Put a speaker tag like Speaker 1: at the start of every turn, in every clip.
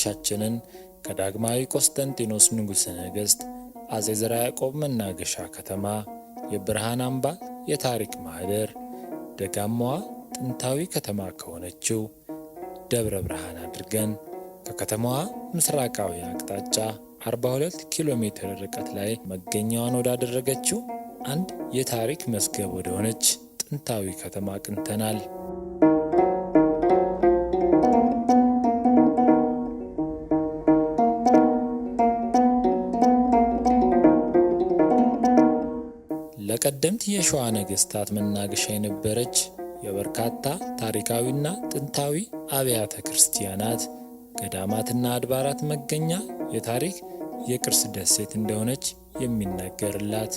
Speaker 1: መነሻችንን ከዳግማዊ ቆስጠንጢኖስ ንጉሠ ነገሥት አጼ ዘርዓ ያዕቆብ መናገሻ ከተማ የብርሃን አምባ የታሪክ ማኅደር ደጋማዋ ጥንታዊ ከተማ ከሆነችው ደብረ ብርሃን አድርገን ከከተማዋ ምስራቃዊ አቅጣጫ 42 ኪሎ ሜትር ርቀት ላይ መገኛዋን ወዳደረገችው አንድ የታሪክ መዝገብ ወደሆነች ጥንታዊ ከተማ ቅንተናል። ቀደምት የሸዋ ነገስታት መናገሻ የነበረች የበርካታ ታሪካዊና ጥንታዊ አብያተ ክርስቲያናት ገዳማትና አድባራት መገኛ የታሪክ የቅርስ ደሴት እንደሆነች የሚነገርላት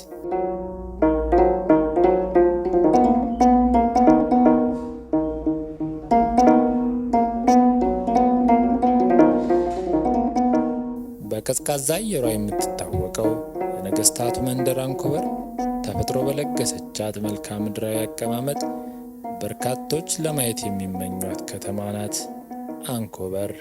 Speaker 1: በቀዝቃዛ አየሯ የምትታወቀው የነገስታቱ መንደር አንኮበር ተፈጥሮ በለገሰቻት መልክዓ ምድራዊ አቀማመጥ በርካቶች ለማየት የሚመኟት ከተማ ናት አንኮበር።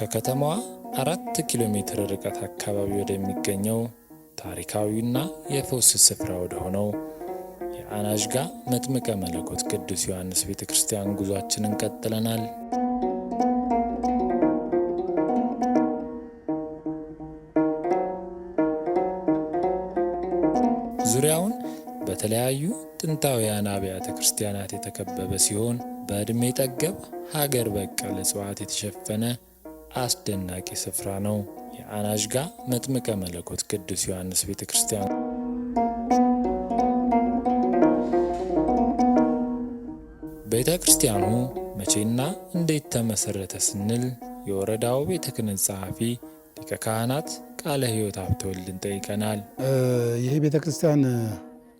Speaker 1: ከከተማዋ አራት ኪሎ ሜትር ርቀት አካባቢ ወደሚገኘው ታሪካዊና የፈውስ ስፍራ ወደሆነው የአናዥጋ መጥምቀ መለኮት ቅዱስ ዮሐንስ ቤተ ክርስቲያን ጉዟችንን ቀጥለናል። በተለያዩ ጥንታውያን አብያተ ክርስቲያናት የተከበበ ሲሆን በዕድሜ ጠገብ ሀገር በቀል እጽዋት የተሸፈነ አስደናቂ ስፍራ ነው። የአናዥጋ መጥምቀ መለኮት ቅዱስ ዮሐንስ ቤተ ክርስቲያን ቤተ ክርስቲያኑ መቼና እንዴት ተመሰረተ ስንል የወረዳው ቤተ ክህነት ጸሐፊ ሊቀ ካህናት ቃለ ሕይወት ሀብተወልድን ጠይቀናል።
Speaker 2: ይህ ቤተ ክርስቲያን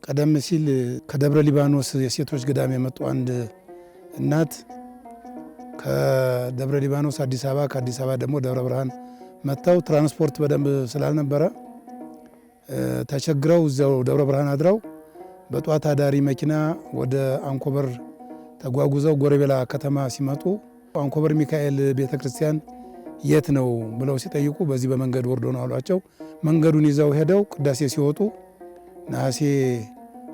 Speaker 2: ቀደም ሲል ከደብረ ሊባኖስ የሴቶች ገዳም የመጡ አንድ እናት ከደብረ ሊባኖስ አዲስ አበባ ከአዲስ አበባ ደግሞ ደብረ ብርሃን መጥተው ትራንስፖርት በደንብ ስላልነበረ ተቸግረው እዚያው ደብረ ብርሃን አድረው በጧት አዳሪ መኪና ወደ አንኮበር ተጓጉዘው ጎረቤላ ከተማ ሲመጡ አንኮበር ሚካኤል ቤተ ክርስቲያን የት ነው ብለው ሲጠይቁ በዚህ በመንገድ ወርዶ ነው አሏቸው። መንገዱን ይዘው ሄደው ቅዳሴ ሲወጡ ነሐሴ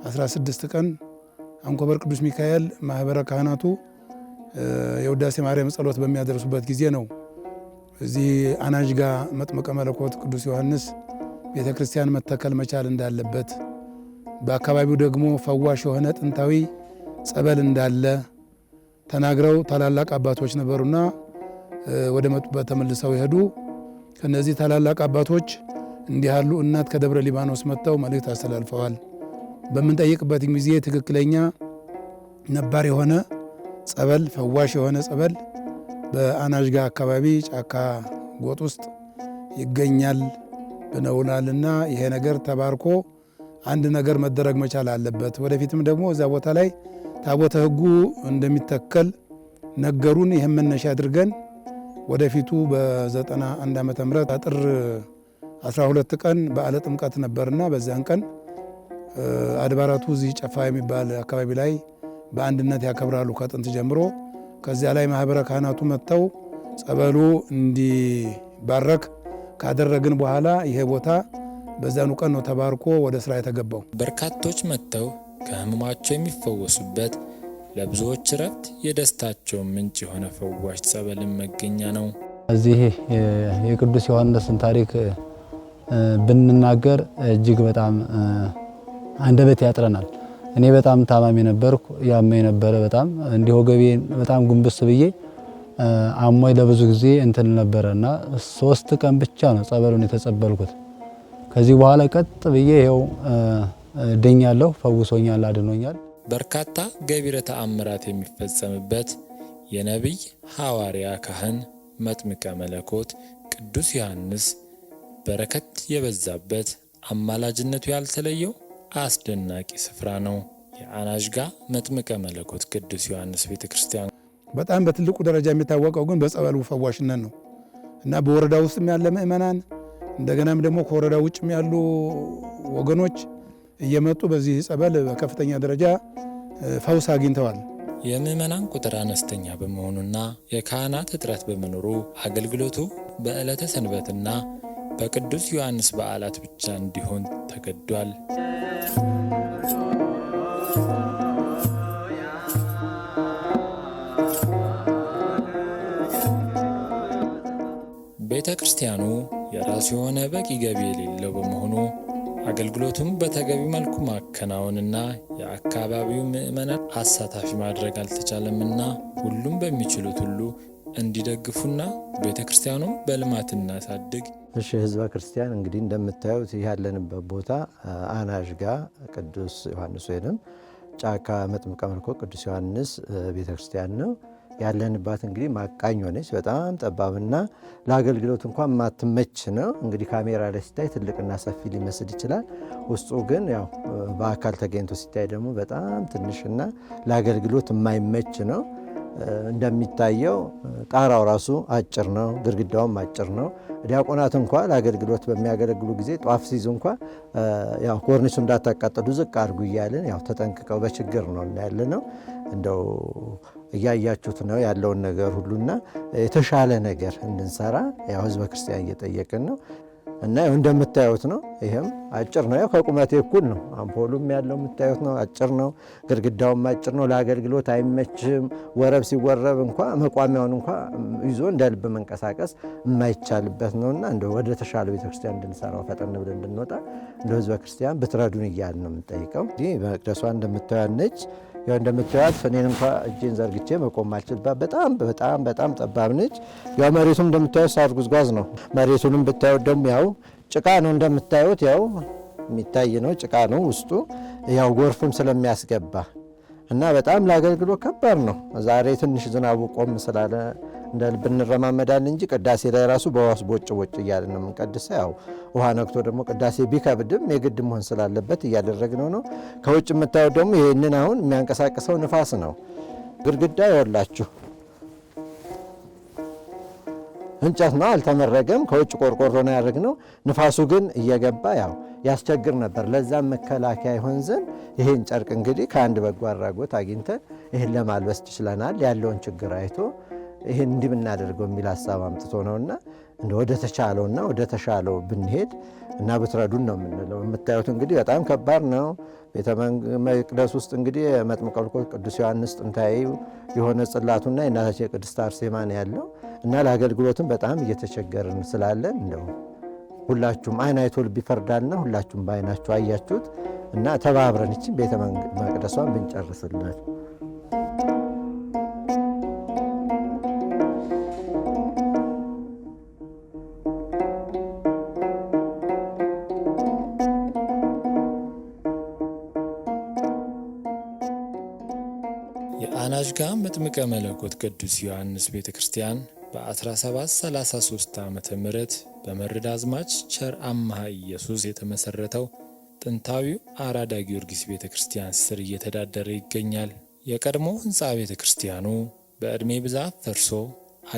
Speaker 2: 16 ቀን አንኮበር ቅዱስ ሚካኤል ማህበረ ካህናቱ የውዳሴ ማርያም ጸሎት በሚያደርሱበት ጊዜ ነው። እዚህ አናዥ ጋ መለኮት ቅዱስ ዮሐንስ ቤተ ክርስቲያን መተከል መቻል እንዳለበት፣ በአካባቢው ደግሞ ፈዋሽ የሆነ ጥንታዊ ጸበል እንዳለ ተናግረው ታላላቅ አባቶች ነበሩና ወደ መጡበት ተመልሰው ይሄዱ። ከነዚህ ታላላቅ አባቶች እንዲህ ያሉ እናት ከደብረ ሊባኖስ መጥተው መልእክት አስተላልፈዋል። በምንጠይቅበት ጊዜ ትክክለኛ ነባር የሆነ ጸበል፣ ፈዋሽ የሆነ ጸበል በአናዥጋ አካባቢ ጫካ ጎጥ ውስጥ ይገኛል ብነውናልና ይሄ ነገር ተባርኮ አንድ ነገር መደረግ መቻል አለበት። ወደፊትም ደግሞ እዛ ቦታ ላይ ታቦተ ሕጉ እንደሚተከል ነገሩን ይህም መነሻ አድርገን ወደፊቱ በ91 ዓመተ ምህረት አጥር ሁለት ቀን በዓለ ጥምቀት ነበርና በዚያን ቀን አድባራቱ እዚህ ጨፋ የሚባል አካባቢ ላይ በአንድነት ያከብራሉ ከጥንት ጀምሮ። ከዚያ ላይ ማህበረ ካህናቱ መጥተው ጸበሉ እንዲባረክ ካደረግን በኋላ ይሄ ቦታ በዛኑ ቀን ነው ተባርኮ ወደ
Speaker 1: ስራ የተገባው። በርካቶች መጥተው ከህመማቸው የሚፈወሱበት ለብዙዎች እረፍት የደስታቸው ምንጭ የሆነ ፈዋሽ ጸበልን መገኛ ነው።
Speaker 3: እዚህ የቅዱስ ዮሐንስን ታሪክ ብንናገር እጅግ በጣም አንደበት ያጥረናል። እኔ በጣም ታማሚ ነበርኩ፣ ያመኝ ነበረ በጣም እንዲህ ወገቤን በጣም ጉንብስ ብዬ አሞኝ ለብዙ ጊዜ እንትን ነበረ እና ሶስት ቀን ብቻ ነው ጸበሉን የተጸበልኩት። ከዚህ በኋላ ቀጥ ብዬ ይኸው ድኛለሁ። ፈውሶኛል፣
Speaker 1: አድኖኛል። በርካታ ገቢረ ተአምራት የሚፈጸምበት የነቢይ ሐዋርያ ካህን መጥምቀ መለኮት ቅዱስ ዮሐንስ በረከት የበዛበት አማላጅነቱ ያልተለየው አስደናቂ ስፍራ ነው። የአናዥጋ መጥምቀ መለኮት ቅዱስ ዮሐንስ ቤተ ክርስቲያን
Speaker 2: በጣም በትልቁ ደረጃ የሚታወቀው ግን በጸበሉ ፈዋሽነት ነው እና በወረዳ ውስጥም ያለ ምእመናን እንደገናም ደግሞ ከወረዳ ውጭም ያሉ ወገኖች እየመጡ በዚህ ጸበል በከፍተኛ ደረጃ ፈውስ
Speaker 1: አግኝተዋል። የምእመናን ቁጥር አነስተኛ በመሆኑና የካህናት እጥረት በመኖሩ አገልግሎቱ በዕለተ ሰንበትና በቅዱስ ዮሐንስ በዓላት ብቻ እንዲሆን ተገዷል። ቤተ ክርስቲያኑ የራሱ የሆነ በቂ ገቢ የሌለው በመሆኑ አገልግሎቱም በተገቢ መልኩ ማከናወንና የአካባቢው ምዕመናን አሳታፊ ማድረግ አልተቻለምና ሁሉም በሚችሉት ሁሉ እንዲደግፉና ቤተ ክርስቲያኑም በልማት እናሳድግ
Speaker 4: እሺ ህዝበ ክርስቲያን እንግዲህ እንደምታዩት ያለንበት ቦታ አናዥ ጋ ቅዱስ ዮሐንስ ወይንም ጫካ መጥምቀ መለኮት ቅዱስ ዮሐንስ ቤተ ክርስቲያን ነው ያለንባት። እንግዲህ ማቃኝ ሆነች፣ በጣም ጠባብና ለአገልግሎት እንኳን ማትመች ነው። እንግዲህ ካሜራ ላይ ሲታይ ትልቅና ሰፊ ሊመስል ይችላል። ውስጡ ግን ያው በአካል ተገኝቶ ሲታይ ደግሞ በጣም ትንሽና ለአገልግሎት የማይመች ነው። እንደሚታየው ጣራው ራሱ አጭር ነው፣ ግድግዳውም አጭር ነው። ዲያቆናት እንኳ ለአገልግሎት በሚያገለግሉ ጊዜ ጧፍ ሲይዙ እንኳ ያው ኮርኒሱ እንዳታቃጠሉ ዝቅ አድርጉ እያልን ያው ተጠንቅቀው በችግር ነው እናያለ ነው። እንደው እያያችሁት ነው ያለውን ነገር ሁሉና የተሻለ ነገር እንድንሰራ ያው ህዝበ ክርስቲያን እየጠየቅን ነው። እና እንደምታዩት ነው። ይሄም አጭር ነው፣ ያው ከቁመቴ እኩል ነው። አምፖሉም ያለው የምታዩት ነው፣ አጭር ነው። ግድግዳውም አጭር ነው፣ ለአገልግሎት አይመችም። ወረብ ሲወረብ እንኳ መቋሚያውን እንኳ ይዞ እንደ ልብ መንቀሳቀስ የማይቻልበት እና እንደ ወደ ተሻለ ቤተክርስቲያን እንድንሰራው ፈጠን ብለን እንድንወጣ እንደ ህዝበ ክርስቲያን ብትረዱን እያልን ነው የምንጠይቀው። መቅደሷ እንደምታዩት ነች። ያው እንደምታዩት እኔን እንኳ እጄን ዘርግቼ መቆም አልችልባት በጣም በጣም በጣም ጠባብ ነች። ያው መሬቱም እንደምታዩት ሳር ጉዝጓዝ ነው። መሬቱንም ብታዩት ደግሞ ያው ጭቃ ነው እንደምታዩት ያው የሚታይ ነው ጭቃ ነው ውስጡ ያው ጎርፍም ስለሚያስገባ እና በጣም ለአገልግሎት ከባድ ነው። ዛሬ ትንሽ ዝናቡ ቆም ስላለ እንደ ልብ እንረማመዳለን እንጂ ቅዳሴ ላይ ራሱ በዋስ ቦጭ ቦጭ እያልን ነው የምንቀድሰ። ያው ውሃ ነክቶ ደግሞ ቅዳሴ ቢከብድም የግድ መሆን ስላለበት እያደረግነው ነው። ከውጭ የምታየው ደግሞ ይህንን አሁን የሚያንቀሳቅሰው ንፋስ ነው። ግድግዳ ይወላችሁ እንጨት ነው፣ አልተመረገም። ከውጭ ቆርቆሮ ነው ያደረግነው። ንፋሱ ግን እየገባ ያው ያስቸግር ነበር። ለዛም መከላከያ ይሆን ዘንድ ይህን ጨርቅ እንግዲህ ከአንድ በጎ አድራጎት አግኝተን ይህን ለማልበስ ችለናል። ያለውን ችግር አይቶ ይህን እንዲህ ብናደርገው የሚል ሀሳብ አምጥቶ ነውና እንደ ወደ ተቻለውና ወደ ተሻለው ብንሄድ እና ብትረዱን ነው የምንለው። የምታዩት እንግዲህ በጣም ከባድ ነው። ቤተ መቅደስ ውስጥ እንግዲህ መጥምቀ መለኮት ቅዱስ ዮሐንስ ጥንታዊ የሆነ ጽላቱና የእናታችን የቅድስት አርሴማ ያለው እና ለአገልግሎትም በጣም እየተቸገርን ስላለን እንደው ሁላችሁም አይን አይቶ ልብ ይፈርዳልና ሁላችሁም በአይናችሁ አያችሁት እና ተባብረን ይችን ቤተ መቅደሷን ብንጨርስለት
Speaker 1: የአናዥጋ መጥምቀ መለኮት ቅዱስ ዮሐንስ ቤተ ክርስቲያን በ1733 ዓ ም በመርዳ አዝማች ቸር አምሃ ኢየሱስ የተመሰረተው ጥንታዊው አራዳ ጊዮርጊስ ቤተ ክርስቲያን ስር እየተዳደረ ይገኛል። የቀድሞ ህንፃ ቤተ ክርስቲያኑ በዕድሜ ብዛት ፈርሶ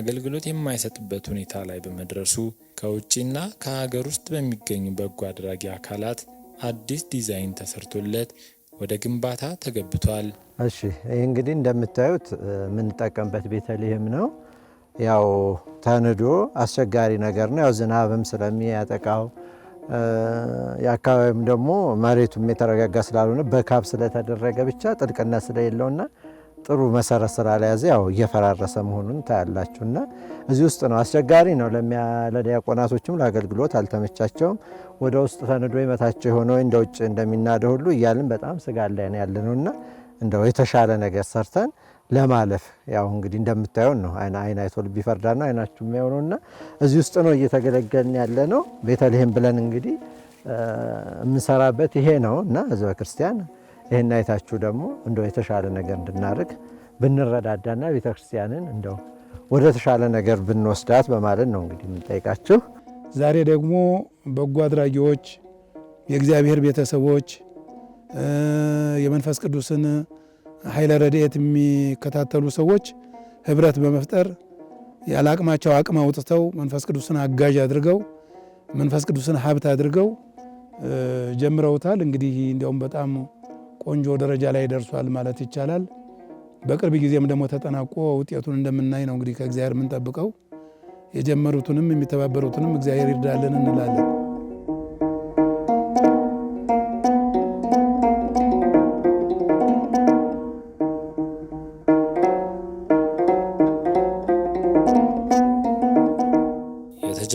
Speaker 1: አገልግሎት የማይሰጥበት ሁኔታ ላይ በመድረሱ ከውጭና ከሀገር ውስጥ በሚገኙ በጎ አድራጊ አካላት አዲስ ዲዛይን ተሰርቶለት ወደ ግንባታ ተገብቷል።
Speaker 4: እሺ ይህ እንግዲህ እንደምታዩት የምንጠቀምበት ቤተልሔም ነው። ያው ተንዶ አስቸጋሪ ነገር ነው። ያው ዝናብም ስለሚያጠቃው የአካባቢም ደግሞ መሬቱም የተረጋጋ ስላልሆነ በካብ ስለተደረገ ብቻ ጥልቅነት ስለሌለውና ጥሩ መሰረት ስላልያዘ ያው እየፈራረሰ መሆኑን ታያላችሁ። እና እዚህ ውስጥ ነው አስቸጋሪ ነው። ለዲያቆናቶችም ለአገልግሎት አልተመቻቸውም። ወደ ውስጥ ተንዶ ይመታቸው የሆነ እንደ ውጭ እንደሚናደ ሁሉ እያልን በጣም ስጋት ላይ ነው ያለነው እና እንደው የተሻለ ነገር ሰርተን ለማለፍ ያው እንግዲህ እንደምታየው ነው። አይን አይቶ ልብ ይፈርዳል ነው አይናችሁ የሚሆነው እና እዚህ ውስጥ ነው እየተገለገልን ያለ ነው። ቤተልሔም ብለን እንግዲህ የምንሰራበት ይሄ ነው እና ህዝበ ክርስቲያን ይህን አይታችሁ ደግሞ እንደው የተሻለ ነገር እንድናርግ ብንረዳዳና ቤተክርስቲያንን እንደው ወደ ተሻለ ነገር ብንወስዳት በማለት ነው እንግዲህ የምንጠይቃችሁ።
Speaker 2: ዛሬ ደግሞ በጎ አድራጊዎች፣ የእግዚአብሔር ቤተሰቦች የመንፈስ ቅዱስን ኃይለ ረድኤት የሚከታተሉ ሰዎች ህብረት በመፍጠር ያለ አቅማቸው አቅም አውጥተው መንፈስ ቅዱስን አጋዥ አድርገው መንፈስ ቅዱስን ሀብት አድርገው ጀምረውታል። እንግዲህ እንዲያውም በጣም ቆንጆ ደረጃ ላይ ደርሷል ማለት ይቻላል። በቅርብ ጊዜም ደግሞ ተጠናቆ ውጤቱን እንደምናይ ነው እንግዲህ ከእግዚአብሔር የምንጠብቀው። የጀመሩትንም የሚተባበሩትንም እግዚአብሔር ይርዳልን እንላለን።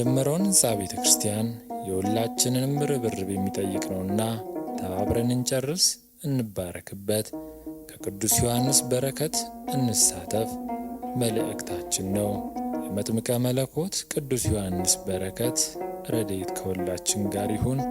Speaker 1: የተጀመረውን ህንፃ ቤተ ክርስቲያን የሁላችንንም ርብርብ የሚጠይቅ ነውና ተባብረን እንጨርስ፣ እንባረክበት፣ ከቅዱስ ዮሐንስ በረከት እንሳተፍ መልእክታችን ነው። የመጥምቀ መለኮት ቅዱስ ዮሐንስ በረከት ረድኤት ከሁላችን ጋር ይሁን።